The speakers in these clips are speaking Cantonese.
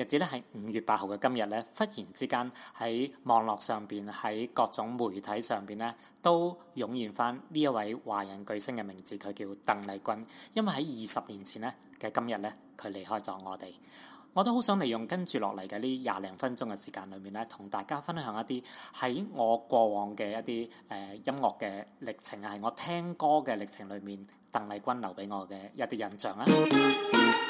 日子咧係五月八號嘅今日咧，忽然之間喺網絡上邊、喺各種媒體上邊咧，都湧現翻呢一位華人巨星嘅名字，佢叫鄧麗君。因為喺二十年前咧嘅今日咧，佢離開咗我哋。我都好想利用跟住落嚟嘅呢廿零分鐘嘅時間裏面咧，同大家分享一啲喺我過往嘅一啲誒、呃、音樂嘅歷程啊，係我聽歌嘅歷程裏面，鄧麗君留俾我嘅一啲印象啊。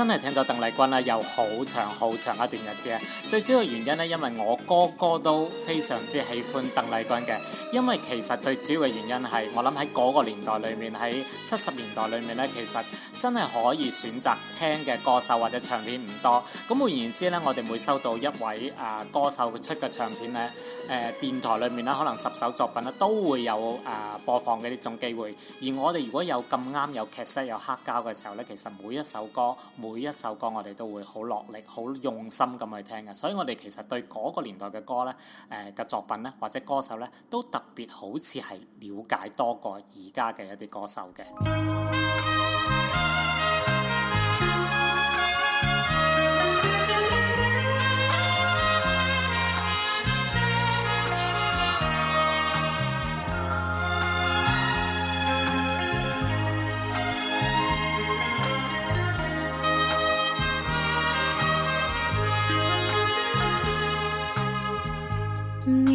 真係聽咗鄧麗君啦、啊，又好長好長一段日子啊！最主要嘅原因呢，因為我哥哥都非常之喜歡鄧麗君嘅，因為其實最主要嘅原因係，我諗喺嗰個年代裏面，喺七十年代裏面呢，其實。真係可以選擇聽嘅歌手或者唱片唔多，咁換言之咧，我哋每收到一位啊、呃、歌手出嘅唱片咧，誒、呃、電台裏面咧，可能十首作品咧都會有啊、呃、播放嘅呢種機會。而我哋如果有咁啱有劇室有黑膠嘅時候咧，其實每一首歌每一首歌我哋都會好落力好用心咁去聽嘅。所以我哋其實對嗰個年代嘅歌咧，誒，嘅作品咧，或者歌手咧都特別好似係了解多過而家嘅一啲歌手嘅。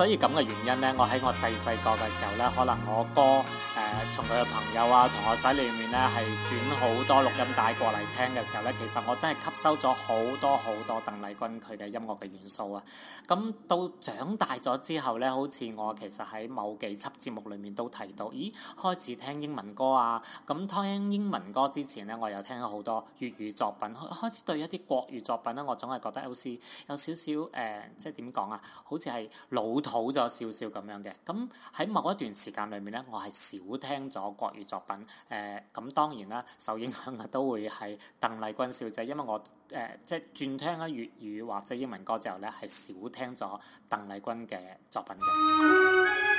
所以咁嘅原因咧，我喺我細細個嘅時候咧，可能我哥誒從佢嘅朋友啊、同學仔裏面咧，係轉好多錄音帶過嚟聽嘅時候咧，其實我真係吸收咗好多好多鄧麗君佢嘅音樂嘅元素啊！咁到長大咗之後咧，好似我其實喺某幾輯節目裏面都提到，咦，開始聽英文歌啊！咁聽英文歌之前咧，我又聽咗好多粵語作品，開始對一啲國語作品咧，我總係覺得好似有少少誒即係點講啊？好似係老土好咗少少咁樣嘅，咁喺某一段時間裏面呢，我係少聽咗國語作品，誒咁當然啦，受影響嘅都會係鄧麗君小姐，因為我誒即係轉聽咗粵語或者英文歌之後呢，係少聽咗鄧麗君嘅作品嘅。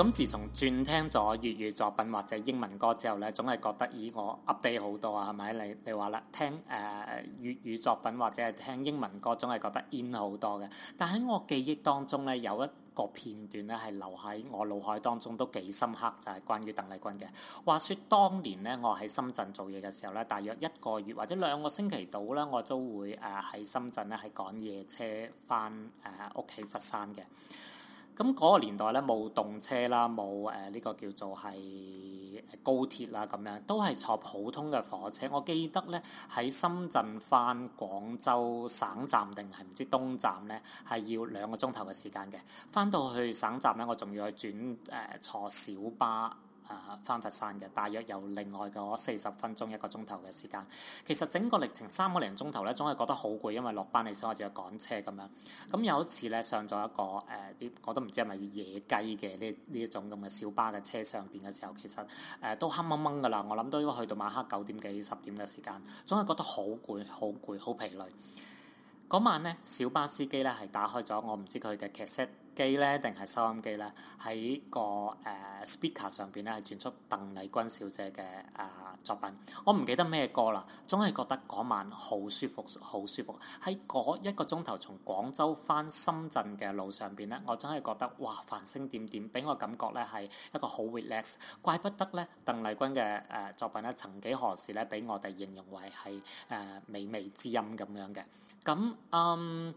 咁自從轉聽咗粵語作品或者英文歌之後咧，總係覺得咦，我 up 啲好多啊，係咪？你你話啦，聽誒粵、呃、語作品或者係聽英文歌，總係覺得 in 好多嘅。但喺我記憶當中咧，有一個片段咧係留喺我腦海當中都幾深刻，就係、是、關於鄧麗君嘅。話説當年咧，我喺深圳做嘢嘅時候咧，大約一個月或者兩個星期到啦，我都會誒喺、呃、深圳咧係趕夜車翻誒屋企佛山嘅。咁嗰個年代咧，冇動車啦，冇誒呢個叫做係高鐵啦，咁樣都係坐普通嘅火車。我記得咧，喺深圳返廣州省站定係唔知東站咧，係要兩個鐘頭嘅時間嘅。返到去省站咧，我仲要再轉誒、呃、坐小巴。誒翻佛山嘅，大約有另外嘅四十分鐘一個鐘頭嘅時間。其實整個歷程三個零鐘頭咧，總係覺得好攰，因為落班你先開始趕車咁樣。咁有一次咧，上咗一個誒啲、呃，我都唔知係咪野雞嘅呢呢一種咁嘅小巴嘅車上邊嘅時候，其實誒、呃、都黑掹掹㗎啦。我諗都應該去到晚黑九點幾十點嘅時間，總係覺得好攰，好攰，好疲累。嗰晚咧，小巴司機咧係打開咗我唔知佢嘅卡式機咧定係收音機咧，喺個誒、uh, speaker 上邊咧，係轉出鄧麗君小姐嘅誒、uh, 作品。我唔記得咩歌啦，總係覺得嗰晚好舒服，好舒服。喺嗰一個鐘頭從廣州翻深圳嘅路上邊咧，我總係覺得哇，繁星點點，俾我感覺咧係一個好 relax。怪不得咧，鄧麗君嘅誒、uh, 作品咧，曾幾何時咧，俾我哋形容為係誒、uh, 美味之音咁樣嘅。咁嗯。Um,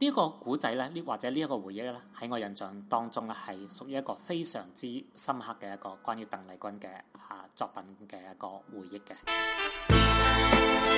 呢個古仔咧，呢或者呢一,一,一個回憶咧，喺我印象當中咧，係屬於一個非常之深刻嘅一個關於鄧麗君嘅啊作品嘅一個回憶嘅。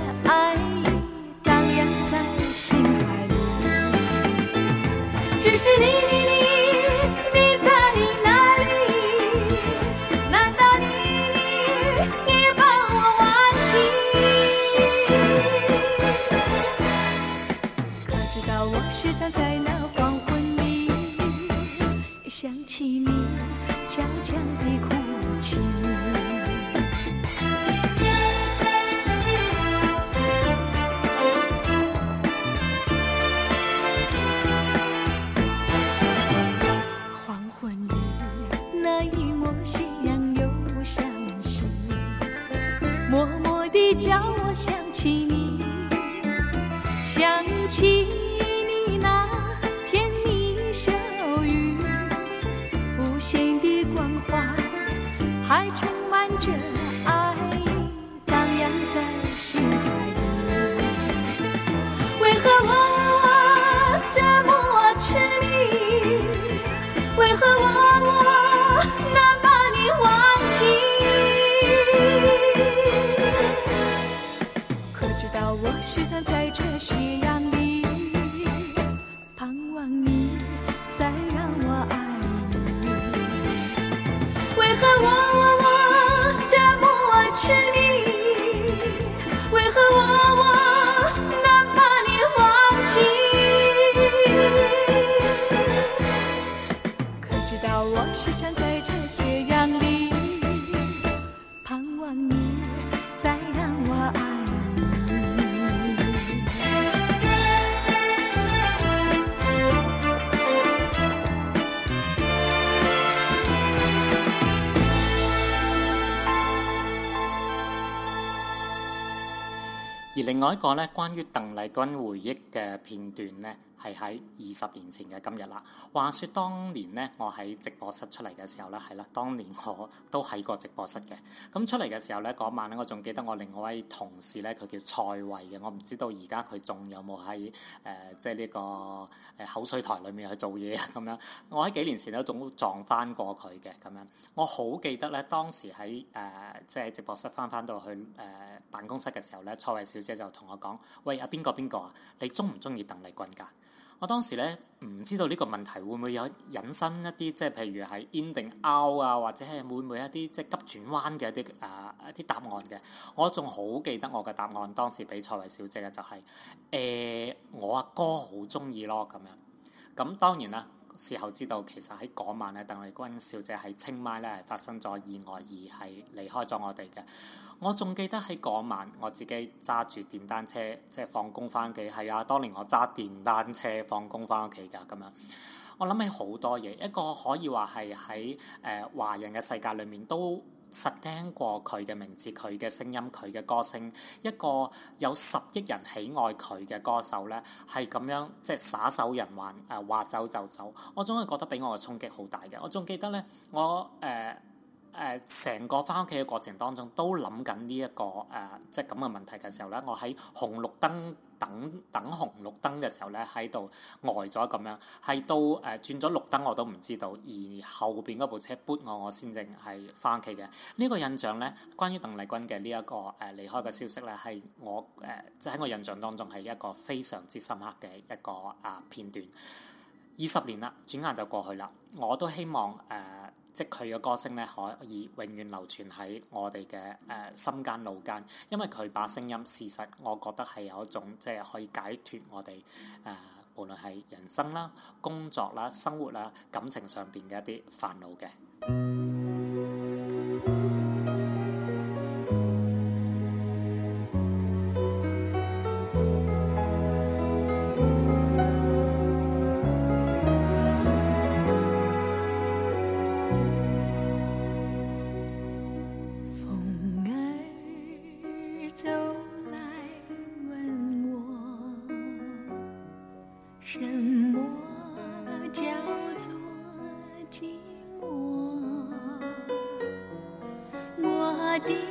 心的關懷，還充滿着。另外一個咧，關於鄧麗君回憶嘅片段咧。係喺二十年前嘅今日啦。話説當年咧，我喺直播室出嚟嘅時候咧，係啦，當年我都喺過直播室嘅。咁出嚟嘅時候咧，嗰晚咧，我仲記得我另外一位同事咧，佢叫蔡慧嘅。我唔知道而家佢仲有冇喺誒，即係、這、呢個誒口水台裏面去做嘢啊咁樣。我喺幾年前咧，仲撞翻過佢嘅咁樣。我好記得咧，當時喺誒，即、呃、係、就是、直播室翻翻到去誒、呃、辦公室嘅時候咧，蔡慧小姐就同我講：喂，阿、啊、邊個邊個啊？你中唔中意鄧麗君㗎？我當時咧，唔知道呢個問題會唔會有引申一啲，即係譬如係 ending out 啊，或者係會唔會一啲即係急轉彎嘅一啲啊、呃、一啲答案嘅。我仲好記得我嘅答案當時俾蔡慧小姐嘅就係、是：誒、欸、我阿哥好中意咯咁樣。咁當然啦。事後知道，其實喺嗰晚咧，鄧麗君小姐喺清邁咧，係發生咗意外而係離開咗我哋嘅。我仲記得喺嗰晚，我自己揸住電單車，即係放工翻屋企。係啊，當年我揸電單車放工翻屋企噶咁樣。我諗起好多嘢，一個可以話係喺誒華人嘅世界裏面都實聽過佢嘅名字、佢嘅聲音、佢嘅歌聲，一個有十億人喜愛佢嘅歌手呢，係咁樣即係撒手人寰，誒、呃、話走就走，我總係覺得俾我嘅衝擊好大嘅。我仲記得呢，我誒。呃誒成、呃、個翻屋企嘅過程當中，都諗緊呢一個誒、呃，即係咁嘅問題嘅時候咧，我喺紅綠燈等等紅綠燈嘅時候咧，喺度呆咗咁樣，係到誒轉咗綠燈我都唔知道，而後邊嗰部車撥我，我先正係翻屋企嘅呢個印象咧。關於鄧麗君嘅呢一個誒離、呃、開嘅消息咧，係我誒、呃、即喺我印象當中係一個非常之深刻嘅一個啊、呃、片段。二十年啦，轉眼就過去啦，我都希望誒。呃即佢嘅歌聲咧，可以永遠流傳喺我哋嘅誒心間腦間，因為佢把聲音，事實我覺得係有一種即係可以解決我哋誒、呃、無論係人生啦、工作啦、生活啦、感情上面嘅一啲煩惱嘅。 什麼叫做寂寞？我的。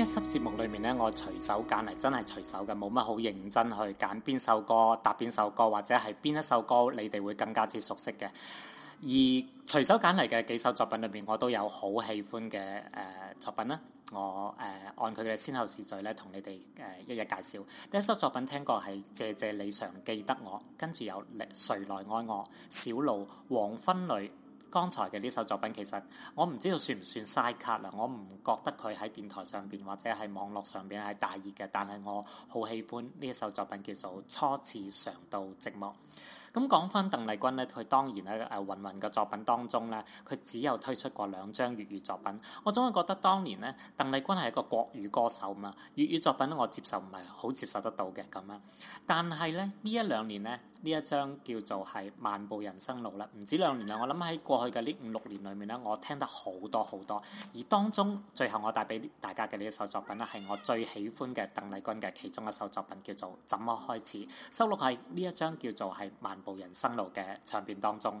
呢一輯節目裏面咧，我隨手揀嚟，真係隨手嘅，冇乜好認真去揀邊首歌答邊首歌，或者係邊一首歌你哋會更加之熟悉嘅。而隨手揀嚟嘅幾首作品裏面，我都有好喜歡嘅誒、呃、作品啦。我誒、呃、按佢嘅先後次序咧，同你哋誒、呃、一一介紹。第一首作品聽過係《謝謝你常記得我》，跟住有《誰來愛我》、《小路》、《黃昏裏》。剛才嘅呢首作品其實我唔知道算唔算晒卡啦，我唔覺得佢喺電台上邊或者係網絡上邊係大熱嘅，但係我好喜歡呢一首作品叫做《初次嚐到寂寞》。咁講翻鄧麗君咧，佢當然咧誒芸芸嘅作品當中咧，佢只有推出過兩張粵語作品。我總係覺得當年咧，鄧麗君係一個國語歌手嘛，粵語作品我接受唔係好接受得到嘅咁樣。但係咧呢一兩年咧，呢一張叫做係《漫步人生路》啦，唔止兩年啦。我諗喺過去嘅呢五六年裏面咧，我聽得好多好多。而當中最後我帶俾大家嘅呢一首作品咧，係我最喜歡嘅鄧麗君嘅其中一首作品，叫做《怎麼開始》。收錄係呢一張叫做係《漫步人生路嘅唱片當中。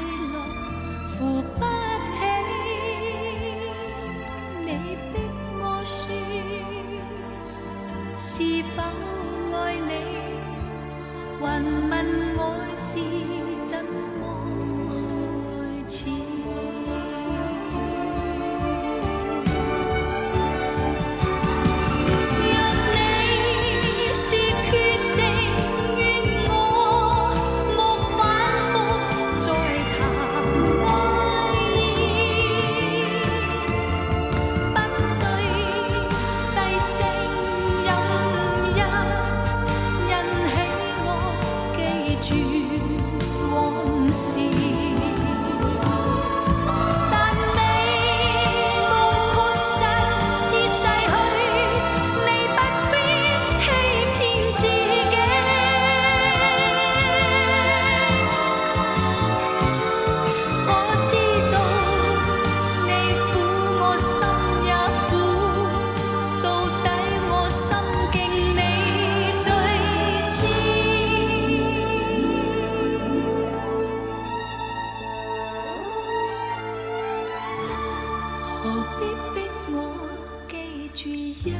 不必逼我記住一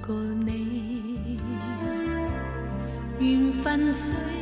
個你，緣分上。